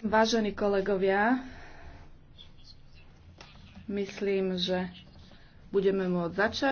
Vážení kolegovia, myslím, že budeme môcť začať.